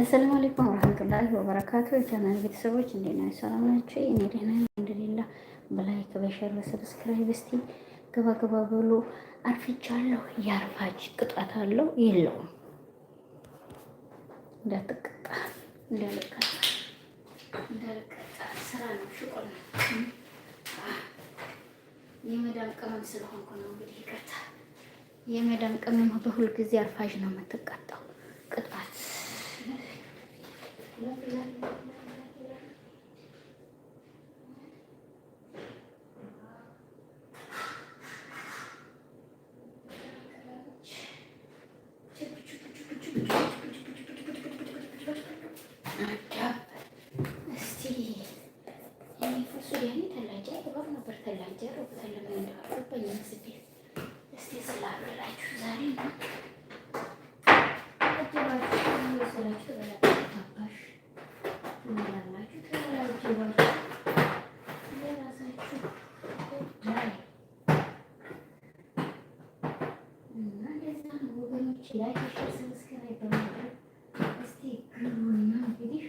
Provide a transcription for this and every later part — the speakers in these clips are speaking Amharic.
አሰላሙ አለይኩም ወራህመቱላሂ ወበረካቱ። የቻናል ቤተሰቦች እንዴት ናችሁ? ሰላም ናችሁ? እኔ ደህና ነኝ አልሐምዱሊላህ። በላይክ በሸር በሰብስክራይብ እስቲ ገባ ገባ ብሎ አርፍጃለሁ። ያርፋጅ ቅጣት አለው የለውም? እንዳትቀጣ እንዳልቀጣ እንዳልቀጣ ስራ ነው ሽቆል የመዳም ቅመም ስለሆንኩ ነው እንግዲህ ይቀጣ። የመዳም ቅመም በሁል ጊዜ አርፋጅ ነው የምትቀጣው ቅጣት ተላጀ ተለመ እንዳሉ በየምስቤት እስቲ ዛሬ ነው። ላይክ ሰብስክራይብ በማድረግ እስቲ ግሩና እንግዲህ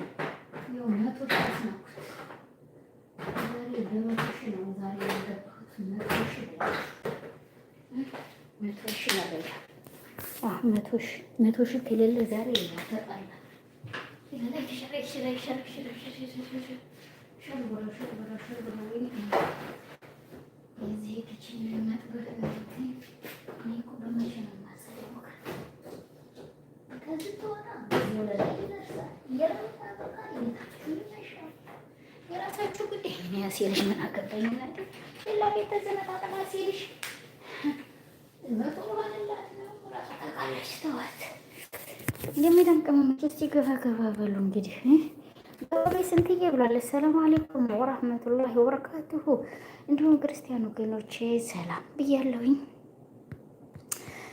ያው መቶ ናኩት ዛሬ በመቶ ሺ ነው ዛሬ የገባሁት መቶ ሺ መቶ ሺ ያበላ መቶ ሺ ከሌለ ዛሬ ያፈጣል የራሳችሁ ጉዳይ። እኔ ሲልሽ ምን አገባኝ? እናቴ ሌላ ቤት ተዘነጣጠላ ሲልሽ ተዋት። እስኪ ገባ ገባ በሉ እንግዲህ ስንትዬ ብሏል። አሌይኩም ወበረካቱሁ። እንዲሁም ክርስቲያን ወገኖቼ ሰላም ብያለሁኝ።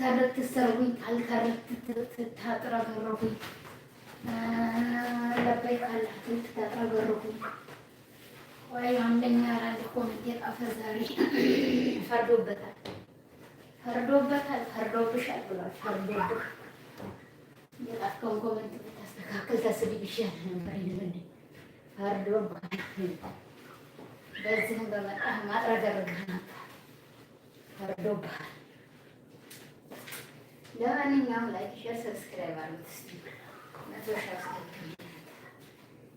ትታረቅ ትሰርቡኝ ካልከረክ ትታጥረገረቡኝ ለበይክ አላህ ትል ወይ አንደኛ ራንድ ኮሚቴ ጣፈ ዛሬ ፈርዶበታል፣ ፈርዶበታል፣ ፈርዶብሻል ብሏል። ፈርዶብህ የጣፍከውን ኮመንት ብታስተካከል ተስድብ ነበር ይልብል ፈርዶብህ በዚህም በመጣህ ማጥረገረግህ ነበር ፈርዶብሃል። ለማንኛውም ላይክ፣ ሼር፣ ሰብስክራይብ አድርጉት። እስኪ መቶ ሺህ አስገቡ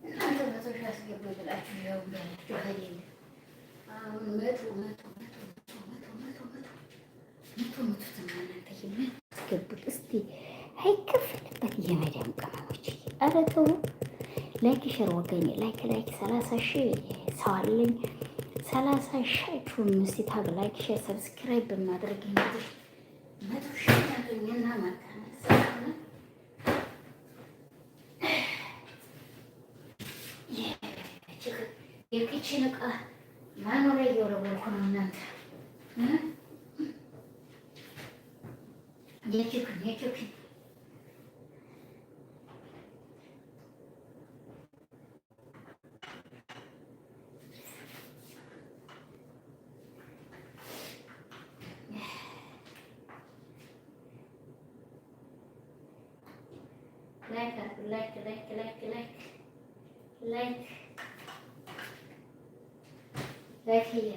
እናንተ መቶ ሺህ አስገቡ ብላችሁ ያው ብላችሁ አይደል? አሁን መቶ መቶ መቶ መቶ መቶ መቶ መቶ መቶ መቶ አስገቡት አይከፈልበት የመዳም ቅመሞች ኧረ ተው። ላይክ ሸር ወገኔ ላይክ ላይክ ሰላሳ ሰው አለኝ። ሰላሳ ላይክ ሸር ሰብስክራይብ በማድረግ የኪችን እቃ መኖሪያ እየወረወርኩ ነው። እናንተ የኪችን የኪችን ላይክ ላይክ ላይክ ላይክ ላይክ দেখিয়ে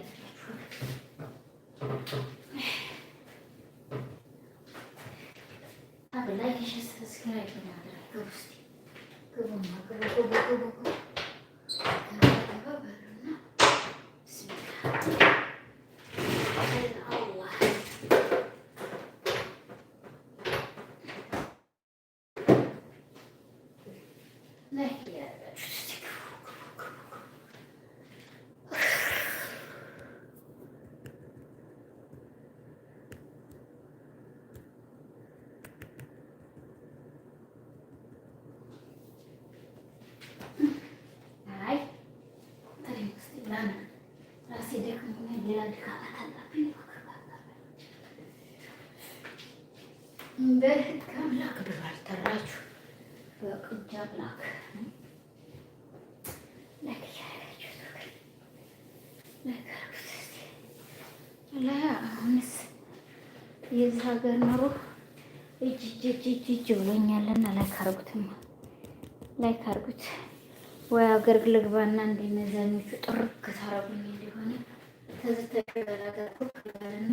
በህግ አምላክ ብሏል። ተራችሁ በቅጅ አምላክ አሁንስ የዚህ ሀገር ኑሮ እጅ እጅ እጅ እጅ ብሎኛልና ላይክ አድርጉትማ፣ ላይክ አድርጉት። ወይ ሀገር ልግባና እንደነዛኞቹ ጥርግ ታረጉኝ እንደሆነ ተዝተገላገርኩ ክበልና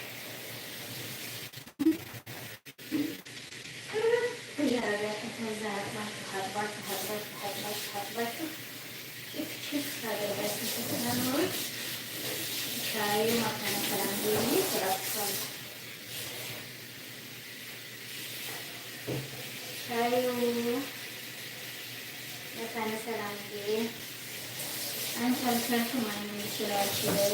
ስለምኖር ሻዩ ማከናከል አንዱ ስራቸዋል። ሻዩ ማከናከል አንዱ አንፈልፈልፍ ማንም ይችላል ይችላል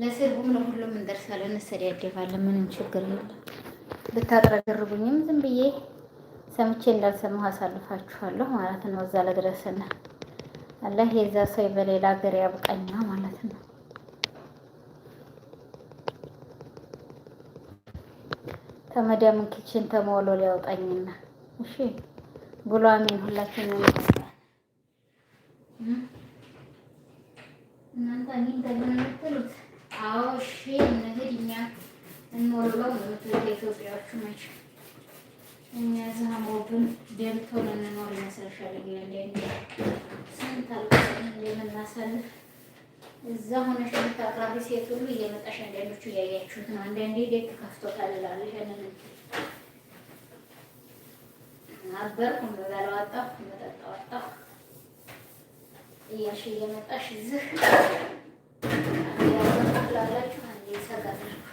ለስርቡም ለሁሉም እንደርሳለን፣ እንሰዳደባለን። ምንም ችግር የለም። ብታጥረገርቡኝም ዝም ብዬ ሰምቼ እንዳልሰማሁ አሳልፋችኋለሁ ማለት ነው። እዛ ለድረስና አላህ የዛ ሰው በሌላ ሀገር ያብቀኛ ማለት ነው። ተመዳምን ኪችን ተሞሎ ሊያውጣኝና እሺ ብሎ አሜን። ሁላችንም እናንተ እኔ እንደምን የምትሉት አዎ፣ እሺ ወሎ ኢትዮጵያዎቹ መች እኛ ዝሀሞብን ደብተው ልንኖር ይመስልሻል? እያንዳንዴ ስንት አልቀን የምናሳልፍ እዛ ሆነሽ የምታቅራቢ ሴት ሁሉ እየመጣሽ አንዳንዶቹ እያያችሁት ነው። አንዳንዴ ደግ ከፍቶታል እላለሁ። ይሄንን አበርኩ እምበላው አጣሁ እምጠጣው አጣሁ እያልሽ እየመጣሽ ዝህ ያላችሁ አንዴ ይሰጋላችሁ